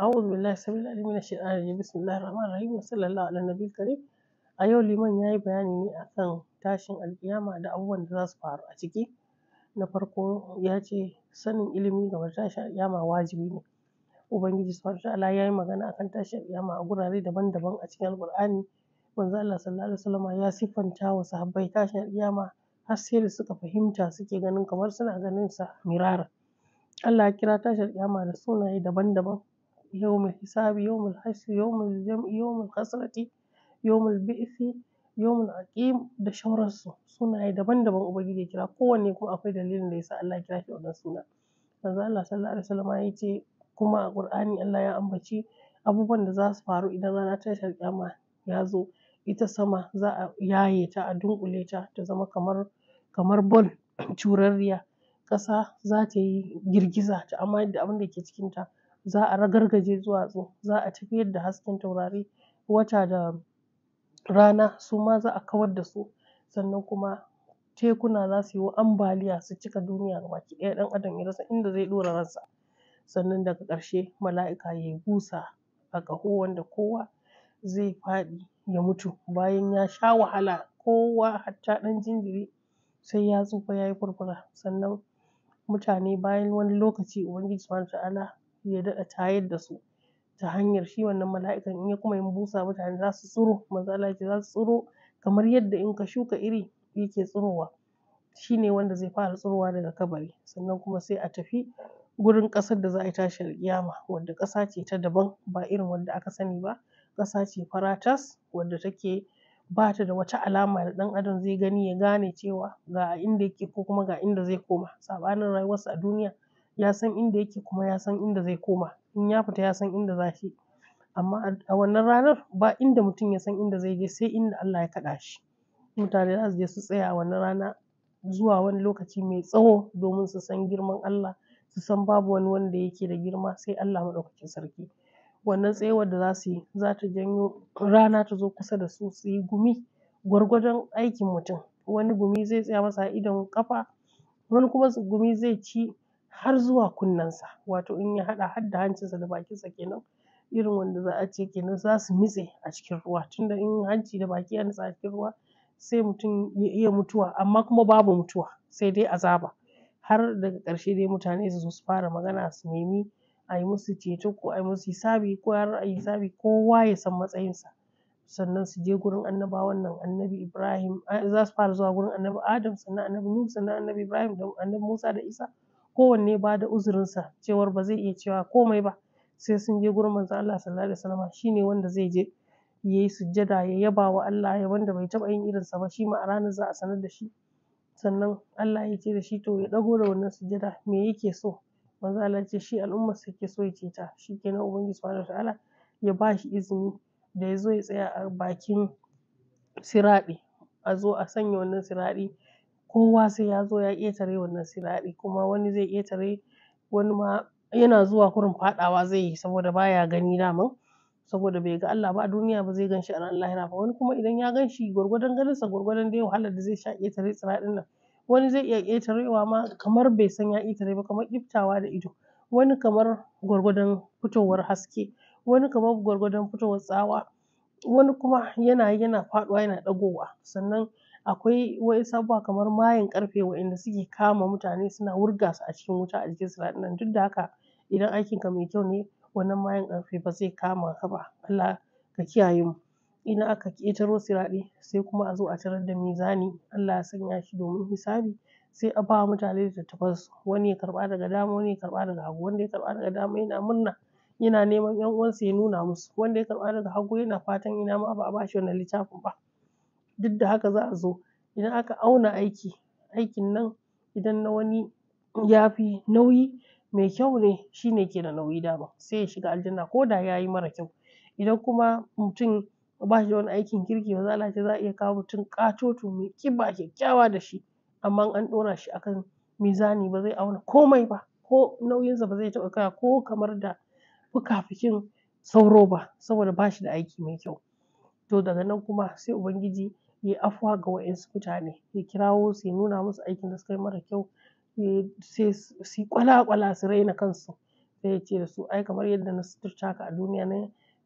A'udhu billahi sabila ali mina shaitanir rajim bismillahir rahmanir rahim sallallahu ala nabiyil karim a yau liman yayi bayani ne akan tashin alkiyama da abubuwan da za su faru a ciki na farko ya ce sanin ilimi ga da tashin alkiyama wajibi ne ubangiji subhanahu ta'ala ya yi magana akan tashin alkiyama a gurare daban-daban a cikin alqur'ani manzo Allah sallallahu alaihi wasallam ya siffanta wa sahabbai tashin alkiyama har sai da suka fahimta suke ganin kamar suna ganin sa mirara Allah ya kira tashin alkiyama da sunaye daban-daban يوم الحساب يوم الحشر يوم الجمع يوم الحسرة يوم البئس يوم العقيم da shauransu sunaye daban-daban ya kira kowanne kuma akwai dalilin da yasa Allah ya kira shi wannan suna manzo Allah sallallahu alaihi wasallam ya ce kuma a Qur'ani Allah ya ambaci abubuwan da za su faru idan rana ta alƙiyama ya zo ita sama za a yaye ta a dunƙule ta ta zama kamar kamar ball curarriya ƙasa za ta yi girgiza ta amma da abin da ke cikinta za a ragargaje duwatsu za a tafiyar da hasken taurari wata da rana su ma za a kawar da su sannan kuma tekuna za su yi ambaliya su cika duniya gabaki ɗaya ɗan adam ya rasa inda zai ɗora ransa sannan daga ƙarshe mala'ika ya yi busa a ƙaho wanda kowa zai faɗi ya mutu bayan ya sha wahala kowa hatta ɗan jinjiri sai ya tsufa ya yi furfura sannan mutane bayan wani lokaci ubangiji subhanahu wataala ya daɗa tayar da su ta hanyar shi wannan mala'ikan in ya kuma yin busa mutane za su tsiro maza lafiya za su tsiro kamar yadda in ka shuka iri yake tsirowa shi ne wanda zai fara tsirowa daga kabari sannan kuma sai a tafi gurin ƙasar da za a yi tashin alƙiyama wadda ƙasa ce ta daban ba irin wadda aka sani ba ƙasa ce faratas wadda take ba ta da wata alama da ɗan adam zai gani ya gane cewa ga inda yake ko kuma ga inda zai koma saɓanin rayuwarsa a duniya ya san inda yake kuma ya san inda zai koma. In ya fita ya san inda za shi. Amma a wannan ranar ba inda mutum ya san inda zai je sai inda Allah ya kaɗa shi. Mutane za su je su tsaya a wannan rana zuwa wani lokaci mai tsawo domin su san girman Allah, su san babu wani wanda yake da girma sai Allah Maɗaukakin Sarki. Wannan tsayawar da za su yi za ta janyo rana ta zo kusa da su su yi gumi gwargwadon aikin mutum. Wani gumi zai tsaya masa idon kafa wani kuma gumi zai ci har zuwa kunnensa wato in ya haɗa har da hancinsa da bakinsa kenan irin wanda za a ce kenan za su nutse a cikin ruwa tunda in hanci da baki ya nutsa a cikin ruwa sai mutum ya iya mutuwa amma kuma babu mutuwa sai dai azaba har daga ƙarshe dai mutane su zo su fara magana su nemi a yi musu ceto ko a yi musu hisabi ko har a yi hisabi kowa ya san matsayinsa sannan su je gurin annabawan nan annabi Ibrahim za su fara zuwa gurin annabi Adam sannan annabi Nuhu sannan annabi Ibrahim annabi Musa da Isa kowanne ba da uzurinsa cewar ba zai iya cewa komai ba sai sun je gurin manzon Allah sallallahu alaihi wasallam shine wanda zai je yayi sujjada ya yaba wa Allah ya wanda bai taba yin irinsa ba shi ma a ranar za a sanar da shi sannan Allah ya ce da shi to ya dago da wannan sujjada me yake so manzon Allah ya ce shi al'ummar sa yake so ya ce ta shikenan ubangiji subhanahu wataala ya ba shi izini da ya zo ya tsaya a bakin siraɗi a zo a sanya wannan siraɗi kowa sai ya zo ya ƙetare wannan siraɗi kuma wani zai ƙetare wani ma yana zuwa kurin faɗawa zai yi saboda baya gani daman saboda bai ga Allah ba a duniya ba zai gan shi a ran lahira ba wani kuma idan ya gan shi gwargwadon ganinsa gwargwadon dai wahalar da zai sha ƙetare tsiraɗin nan wani zai iya ƙetarewa ma kamar bai san ya ƙetare ba kamar iftawa da ido wani kamar gwargwadon fitowar haske wani kamar gwargwadon fitowar tsawa wani kuma yana yana faɗuwa yana ɗagowa sannan akwai wa'insu abubuwa kamar mayen ƙarfe wa'inda suke kama mutane suna wurga su a cikin wuta a jikin siraɗin nan duk da haka idan ka mai kyau ne wannan mayen ƙarfe ba zai kama ka ba Allah ka kiyaye mu idan aka ƙetaro siraɗi sai kuma a zo a tarar da mizani Allah ya sanya shi domin hisabi sai a ba mutane su wani ya karɓa daga dama wani ya karɓa daga hagu wanda ya karɓa daga dama yana murna yana neman 'yan uwansa ya nuna musu wanda ya karɓa daga hagu yana fatan ina ma ba a ba shi wannan littafin ba. duk da haka za a zo idan aka auna aiki aikin nan idan na wani ya fi nauyi mai kyau ne shi ne ke da nauyi dama sai ya shiga aljanna ko da ya yi mara kyau idan kuma mutum ba shi da wani aikin kirki manzon Allah ya ce za a iya kawo mutum ƙatoto mai ƙiba kyakkyawa da shi amma an ɗora shi akan mizani ba zai auna komai ba ko nauyinsa ba zai taɓa kaiwa ko kamar da fukafukin sauro ba saboda ba shi da aiki mai kyau to daga nan kuma sai Ubangiji yi afuwa ga wa'insu mutane ya kirawo su ya nuna musu aikin da suka yi mara kyau sai su yi kwala-kwala su raina kansu sai ya ce da su ai kamar yadda na suturta ka a duniya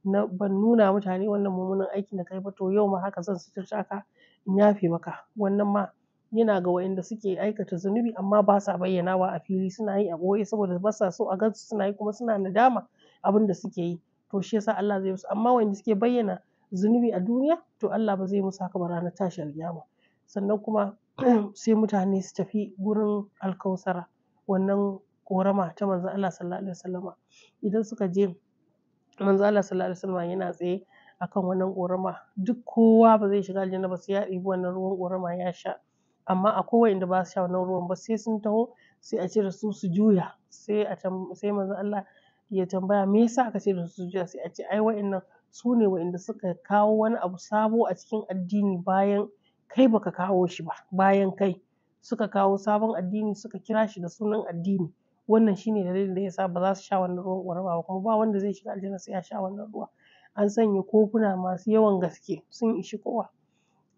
na ban nuna mutane wannan mummunan aikin da kai ba to yau ma haka zan suturta ka in yafe maka wannan ma yana ga wa'inda suke aikata zunubi amma ba sa bayyanawa a fili suna yi a ɓoye saboda ba sa so a gansu suna yi kuma suna nadama abin da suke yi to shi yasa Allah zai musu amma wa'inda suke bayyana zunubi a duniya to Allah ba zai musu haka ba ranar tashi alƙiyama sannan kuma sai mutane su tafi gurin alkausara wannan korama ta manzo Allah sallallahu alaihi wasallama idan suka je manzo Allah sallallahu alaihi wasallama yana tsaye akan wannan korama duk kowa ba zai shiga aljanna ba sai ya ɗibi wannan ruwan korama ya sha amma akwai wa'inda ba su sha wannan ruwan ba sai sun taho sai a cire su su juya sai a Allah ya tambaya me yasa aka ce da su sujada sai a ce ai wa'innan su ne wa'inda suka kawo wani abu sabo a cikin addini bayan kai baka kawo shi ba bayan kai suka kawo sabon addini suka kira shi da sunan addini wannan shine dalilin da yasa ba za su sha wannan ruwan ƙwaraba ba kuma ba wanda zai shiga aljanna sai ya sha wannan ruwa an sanya kofuna masu yawan gaske sun ishi kowa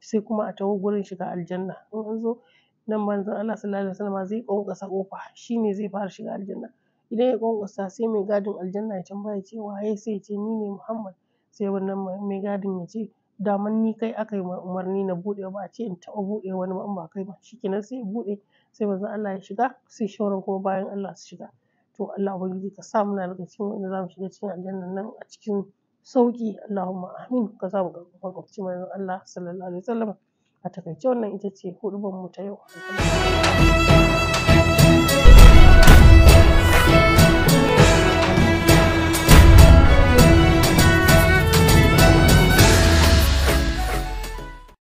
sai kuma a taho gurin shiga aljanna in an zo nan manzon Allah sallallahu alaihi wasallama zai ƙwanƙwasa ƙofa shine zai fara shiga aljanna Idan ya ƙwanƙwasa sai mai gadin aljanna ya tambaya ya ce waye sai ya ce ni ne Muhammad. Sai wannan mai gadin ya ce daman ni kai aka yi umarni na buɗe ba a ce in taɓa buɗe wani ba in ba kai ba. Shikenan sai ya buɗe sai manzon Allah ya shiga sai shauran kuma bayan Allah su shiga. To Allah Ubangiji ka sa muna daga cikin wanda za mu shiga cikin aljannan nan a cikin sauki Allahumma amin ka sa mu makwabci manzon Allah sallallahu alaihi wasallam. A takaice wannan ita ce huɗubar mu ta yau.